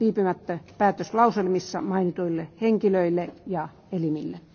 viipymättä päätöslauselmissa mainituille henkilöille ja elimille